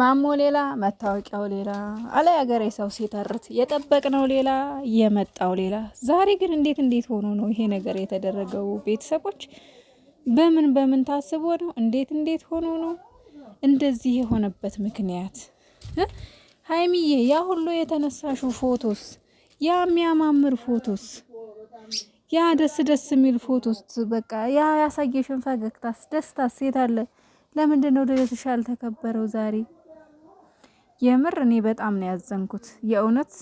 ማሞ ሌላ መታወቂያው ሌላ አለ ያገሬ ሰው ሲተርት የጠበቅነው ሌላ የመጣው ሌላ። ዛሬ ግን እንዴት እንዴት ሆኖ ነው ይሄ ነገር የተደረገው? ቤተሰቦች በምን በምን ታስቦ ነው? እንዴት እንዴት ሆኖ ነው እንደዚህ የሆነበት ምክንያት? ሀይሚዬ ያ ሁሉ የተነሳሹ ፎቶስ፣ ያ የሚያማምር ፎቶስ፣ ያ ደስ ደስ የሚል ፎቶስ፣ በቃ ያ ያሳየሽን ፈገግታስ፣ ደስታስ የት አለ? ለምንድን ነው ልደትሽ ያልተከበረው ዛሬ? የምር እኔ በጣም ነው ያዘንኩት። የእውነት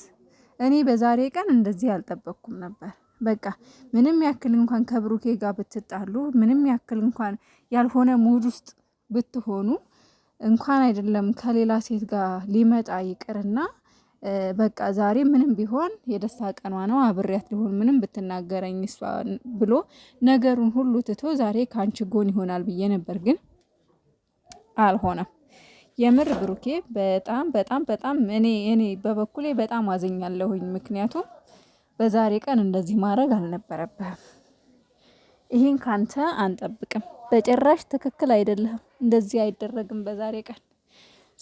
እኔ በዛሬ ቀን እንደዚህ አልጠበቅኩም ነበር። በቃ ምንም ያክል እንኳን ከብሩኬ ጋር ብትጣሉ፣ ምንም ያክል እንኳን ያልሆነ ሙድ ውስጥ ብትሆኑ እንኳን አይደለም ከሌላ ሴት ጋር ሊመጣ ይቅርና በቃ ዛሬ ምንም ቢሆን የደስታ ቀኗ ነው አብሬያት ሊሆን ምንም ብትናገረኝ እሷ ብሎ ነገሩን ሁሉ ትቶ ዛሬ ከአንቺ ጎን ይሆናል ብዬ ነበር፣ ግን አልሆነም። የምር ብሩኬ በጣም በጣም በጣም እኔ እኔ በበኩሌ በጣም አዝኛለሁኝ። ምክንያቱም በዛሬ ቀን እንደዚህ ማድረግ አልነበረብህም። ይህን ካንተ አንጠብቅም በጭራሽ። ትክክል አይደለም እንደዚህ አይደረግም በዛሬ ቀን።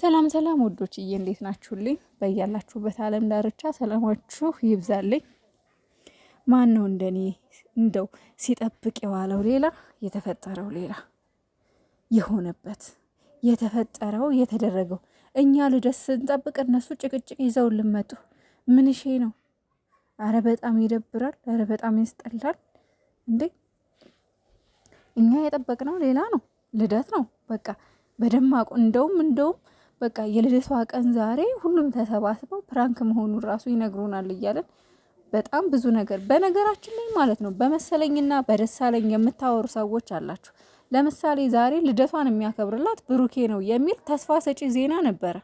ሰላም ሰላም ወዶችዬ፣ እንዴት ናችሁልኝ? በያላችሁበት አለም ዳርቻ ሰላማችሁ ይብዛልኝ። ማን ነው እንደኔ እንደው ሲጠብቅ የዋለው ሌላ የተፈጠረው ሌላ የሆነበት የተፈጠረው የተደረገው። እኛ ልደት ስንጠብቅ እነሱ ጭቅጭቅ ይዘው ልመጡ ሼ ነው? አረ በጣም ይደብራል። አረ በጣም ያስጠላል። እንዴ እኛ የጠበቅነው ሌላ ነው። ልደት ነው በቃ በደማቁ እንደውም እንደውም በቃ የልደቷ ቀን ዛሬ ሁሉም ተሰባስበው ፕራንክ መሆኑን ራሱ ይነግሩናል እያለን በጣም ብዙ ነገር በነገራችን ላይ ማለት ነው። በመሰለኝና በደሳለኝ የምታወሩ ሰዎች አላችሁ። ለምሳሌ ዛሬ ልደቷን የሚያከብርላት ብሩኬ ነው የሚል ተስፋ ሰጪ ዜና ነበረ።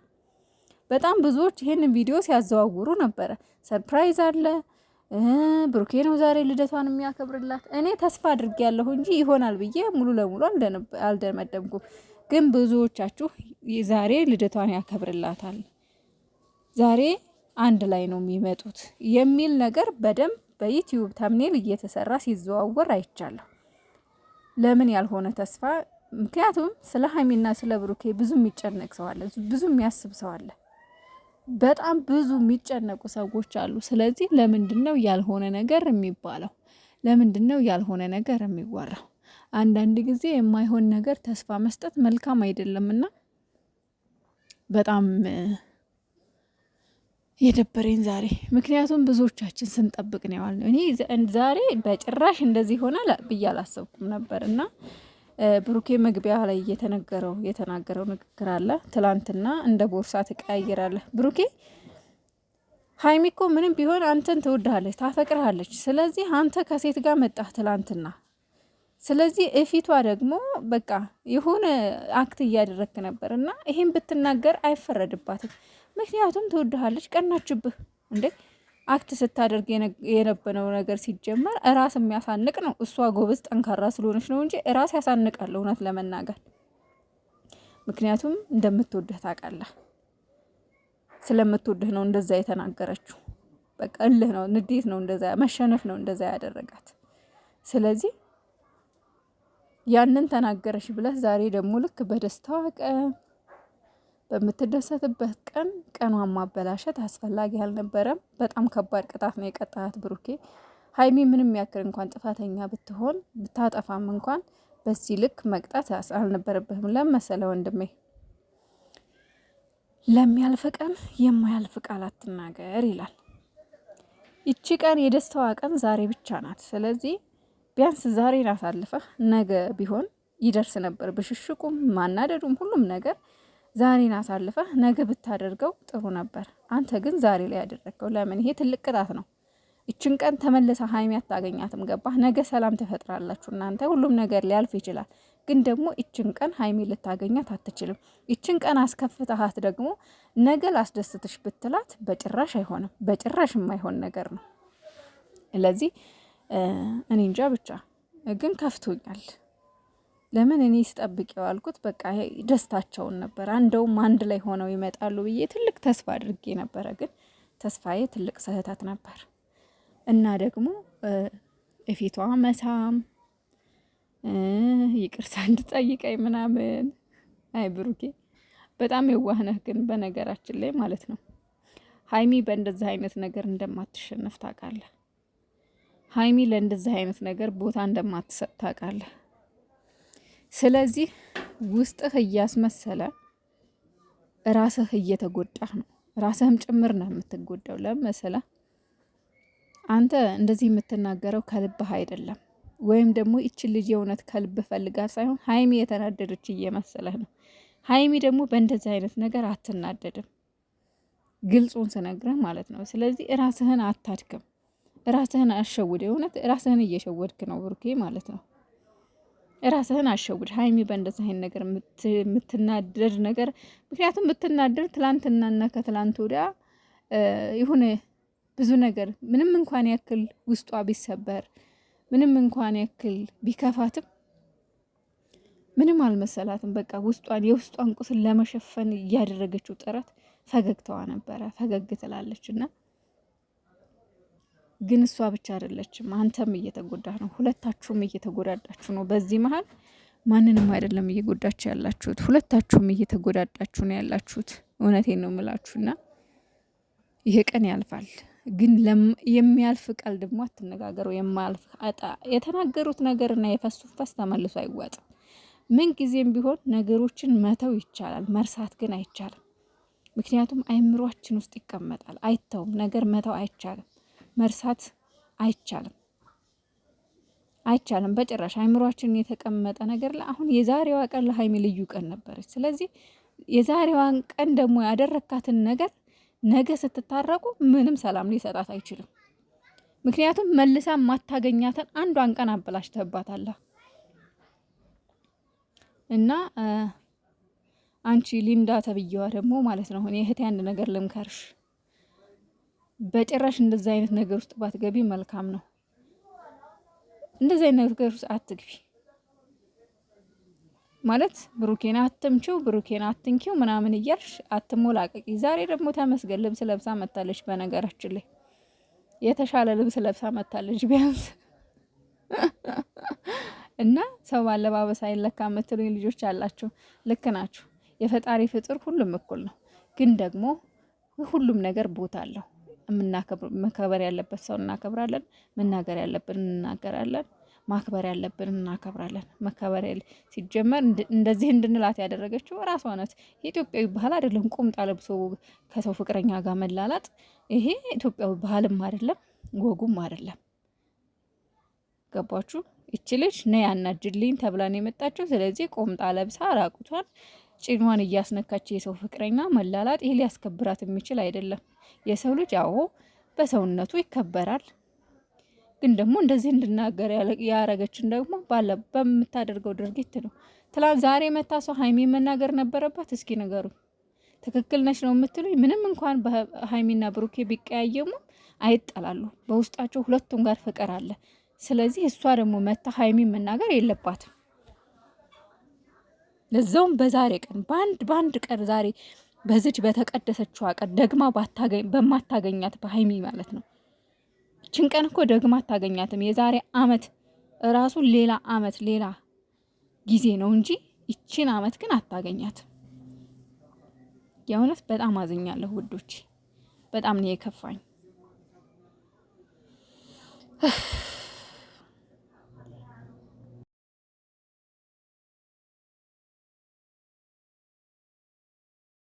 በጣም ብዙዎች ይህንን ቪዲዮ ሲያዘዋውሩ ነበረ። ሰርፕራይዝ አለ፣ ብሩኬ ነው ዛሬ ልደቷን የሚያከብርላት። እኔ ተስፋ አድርጌያለሁ እንጂ ይሆናል ብዬ ሙሉ ለሙሉ አልደመደምኩም። ግን ብዙዎቻችሁ ዛሬ ልደቷን ያከብርላታል፣ ዛሬ አንድ ላይ ነው የሚመጡት የሚል ነገር በደንብ በዩትዩብ ተምኔል እየተሰራ ሲዘዋወር አይቻለሁ። ለምን ያልሆነ ተስፋ ምክንያቱም ስለ ሀይሚና ስለ ብሩኬ ብዙ የሚጨነቅ ሰው አለ፣ ብዙ የሚያስብ ሰው አለ። በጣም ብዙ የሚጨነቁ ሰዎች አሉ። ስለዚህ ለምንድን ነው ያልሆነ ነገር የሚባለው? ለምንድን ነው ያልሆነ ነገር የሚወራው? አንዳንድ ጊዜ የማይሆን ነገር ተስፋ መስጠት መልካም አይደለምና በጣም የደበረኝ ዛሬ ምክንያቱም ብዙዎቻችን ስንጠብቅ ነው የዋልነው። እኔ ዛሬ በጭራሽ እንደዚህ ሆነ ብዬ አላሰብኩም ነበር እና ብሩኬ መግቢያ ላይ የተነገረው የተናገረው ንግግር አለ። ትላንትና እንደ ቦርሳ ትቀያይራለህ ብሩኬ። ሀይሚ እኮ ምንም ቢሆን አንተን ትወድሃለች፣ ታፈቅርሃለች። ስለዚህ አንተ ከሴት ጋር መጣህ ትላንትና። ስለዚህ እፊቷ ደግሞ በቃ የሆነ አክት እያደረግክ ነበር እና ይህን ብትናገር አይፈረድባትም። ምክንያቱም ትወድሃለች፣ ቀናችብህ እንዴ አክት ስታደርግ የነበረው ነገር ሲጀመር እራስ የሚያሳንቅ ነው። እሷ ጎበዝ ጠንካራ ስለሆነች ነው እንጂ እራስ ያሳንቃል፣ እውነት ለመናገር ምክንያቱም እንደምትወድህ ታውቃለህ። ስለምትወድህ ነው እንደዛ የተናገረችው። በቃ እልህ ነው፣ ንዴት ነው፣ እንደዛ መሸነፍ ነው እንደዛ ያደረጋት። ስለዚህ ያንን ተናገረች ብለህ ዛሬ ደግሞ ልክ በደስታዋ ቀን በምትደሰትበት ቀን ቀኗን ማበላሸት አስፈላጊ አልነበረም። በጣም ከባድ ቅጣት ነው የቀጣት ብሩኬ። ሀይሚ ምንም ያክል እንኳን ጥፋተኛ ብትሆን ብታጠፋም እንኳን በዚህ ልክ መቅጣት አልነበረብህም። ለመሰለ ወንድሜ ለሚያልፍ ቀን የማያልፍ ቃል አትናገር ይላል። ይቺ ቀን የደስታዋ ቀን ዛሬ ብቻ ናት። ስለዚህ ቢያንስ ዛሬን አሳልፈህ ነገ ቢሆን ይደርስ ነበር ብሽሽቁም ማናደዱም ሁሉም ነገር ዛሬን አሳልፈህ ነገ ብታደርገው ጥሩ ነበር። አንተ ግን ዛሬ ላይ ያደረግከው ለምን? ይሄ ትልቅ ቅጣት ነው። ይችን ቀን ተመለሰ ሀይሚ አታገኛትም። ገባህ? ነገ ሰላም ትፈጥራላችሁ እናንተ። ሁሉም ነገር ሊያልፍ ይችላል። ግን ደግሞ ይችን ቀን ሀይሚ ልታገኛት አትችልም። ይችን ቀን አስከፍተሃት ደግሞ ነገ ላስደስትሽ ብትላት በጭራሽ አይሆንም። በጭራሽ የማይሆን ነገር ነው። ስለዚህ እኔ እንጃ ብቻ ግን ከፍቶኛል። ለምን እኔ ስጠብቅ የዋልኩት በቃ ደስታቸውን ነበር። እንደውም አንድ ላይ ሆነው ይመጣሉ ብዬ ትልቅ ተስፋ አድርጌ ነበረ፣ ግን ተስፋዬ ትልቅ ስህተት ነበር እና ደግሞ እፊቷ መሳም ይቅርታ እንድጠይቀኝ ምናምን። አይ ብሩኬ በጣም የዋህነህ ግን በነገራችን ላይ ማለት ነው ሀይሚ በእንደዚህ አይነት ነገር እንደማትሸነፍ ታውቃለህ። ሀይሚ ለእንደዚህ አይነት ነገር ቦታ እንደማትሰጥ ታውቃለህ። ስለዚህ ውስጥህ እያስመሰለ ራስህ እየተጎዳህ ነው። ራስህም ጭምር ነው የምትጎዳው። ለመሰለ አንተ እንደዚህ የምትናገረው ከልብህ አይደለም፣ ወይም ደግሞ ይችን ልጅ የእውነት ከልብ ፈልጋ ሳይሆን ሀይሚ የተናደደች እየመሰለህ ነው። ሀይሚ ደግሞ በእንደዚህ አይነት ነገር አትናደድም፣ ግልጹን ስነግረህ ማለት ነው። ስለዚህ ራስህን አታድክም፣ ራስህን አሸውድ። የእውነት ራስህን እየሸወድክ ነው ብሩኬ ማለት ነው። ራስህን አሸውድ ሀይሚ በእንደዚህ አይነት ነገር የምትናደድ ነገር ምክንያቱም የምትናደድ ትላንትናና ከትላንት ወዲያ የሆነ ብዙ ነገር ምንም እንኳን ያክል ውስጧ ቢሰበር ምንም እንኳን ያክል ቢከፋትም ምንም አልመሰላትም። በቃ ውስጧን የውስጧን ቁስል ለመሸፈን እያደረገችው ጥረት ፈገግታዋ ነበረ። ፈገግ ትላለች እና ግን እሷ ብቻ አይደለችም፣ አንተም እየተጎዳህ ነው። ሁለታችሁም እየተጎዳዳችሁ ነው። በዚህ መሀል ማንንም አይደለም እየጎዳችሁ ያላችሁት፣ ሁለታችሁም እየተጎዳዳችሁ ነው ያላችሁት። እውነቴን ነው የምላችሁና ይሄ ቀን ያልፋል። ግን የሚያልፍ ቃል ደግሞ አትነጋገሩ። የማያልፍ አጣ የተናገሩት ነገርና የፈሱት ፈስ ተመልሶ አይዋጥም። ምን ጊዜም ቢሆን ነገሮችን መተው ይቻላል፣ መርሳት ግን አይቻልም። ምክንያቱም አይምሯችን ውስጥ ይቀመጣል፣ አይተውም። ነገር መተው አይቻልም። መርሳት አይቻልም አይቻልም በጭራሽ። አይምሯችን የተቀመጠ ነገር ላይ አሁን የዛሬዋ ቀን ለሀይሚ ልዩ ቀን ነበረች። ስለዚህ የዛሬዋን ቀን ደግሞ ያደረካትን ነገር ነገ ስትታረቁ ምንም ሰላም ሊሰጣት አይችልም። ምክንያቱም መልሳ ማታገኛትን አንዷን ቀን አበላሽተባታል እና አንቺ ሊንዳ ተብዬዋ ደግሞ ማለት ነው እኔ እህቴ አንድ ነገር ልምከርሽ በጭራሽ እንደዚ አይነት ነገር ውስጥ ባትገቢ መልካም ነው። እንደዚ አይነት ነገር ውስጥ አትግቢ ማለት ብሩኬን አትምችው፣ ብሩኬን አትንኪው ምናምን እያልሽ አትሞላቀቂ። ዛሬ ደግሞ ተመስገን ልብስ ለብሳ መታለች። በነገራችን ላይ የተሻለ ልብስ ለብሳ መታለች ቢያንስ እና ሰው ባለባበስ አይለካ የምትሉኝ ልጆች አላችሁ። ልክ ናችሁ። የፈጣሪ ፍጡር ሁሉም እኩል ነው፣ ግን ደግሞ ሁሉም ነገር ቦታ አለው። መከበር ያለበት ሰው እናከብራለን፣ መናገር ያለብን እንናገራለን፣ ማክበር ያለብን እናከብራለን። መከበር ሲጀመር እንደዚህ እንድንላት ያደረገችው ራሷ ናት። የኢትዮጵያዊ ባህል አይደለም ቁምጣ ለብሶ ከሰው ፍቅረኛ ጋር መላላጥ። ይሄ ኢትዮጵያዊ ባህልም አይደለም ወጉም አይደለም። ገባችሁ? ይቺ ልጅ ነይ አናጅልኝ ተብላን የመጣችው። ስለዚህ ቁምጣ ለብሳ ራቁቷን ጭኗን እያስነካች የሰው ፍቅረኛ መላላጥ ይህ ሊያስከብራት የሚችል አይደለም። የሰው ልጅ አዎ በሰውነቱ ይከበራል። ግን ደግሞ እንደዚህ እንድናገር ያረገችን ደግሞ ባለ በምታደርገው ድርጊት ነው። ትላንት ዛሬ መታ ሰው ሀይሚ መናገር ነበረባት። እስኪ ነገሩ ትክክል ነች ነው የምትሉኝ? ምንም እንኳን በሀይሚና ብሩኬ ቢቀያየሙ አይጠላሉ። በውስጣቸው ሁለቱም ጋር ፍቅር አለ። ስለዚህ እሷ ደግሞ መታ ሀይሚ መናገር የለባትም። ለዛውም በዛሬ ቀን በአንድ በአንድ ቀን ዛሬ በዚች በተቀደሰችዋ ቀን ደግማ በማታገኛት በሀይሚ ማለት ነው። ይችን ቀን እኮ ደግማ አታገኛትም። የዛሬ አመት እራሱ ሌላ አመት ሌላ ጊዜ ነው እንጂ ይችን አመት ግን አታገኛትም። የእውነት በጣም አዝኛለሁ ውዶች፣ በጣም ነው የከፋኝ።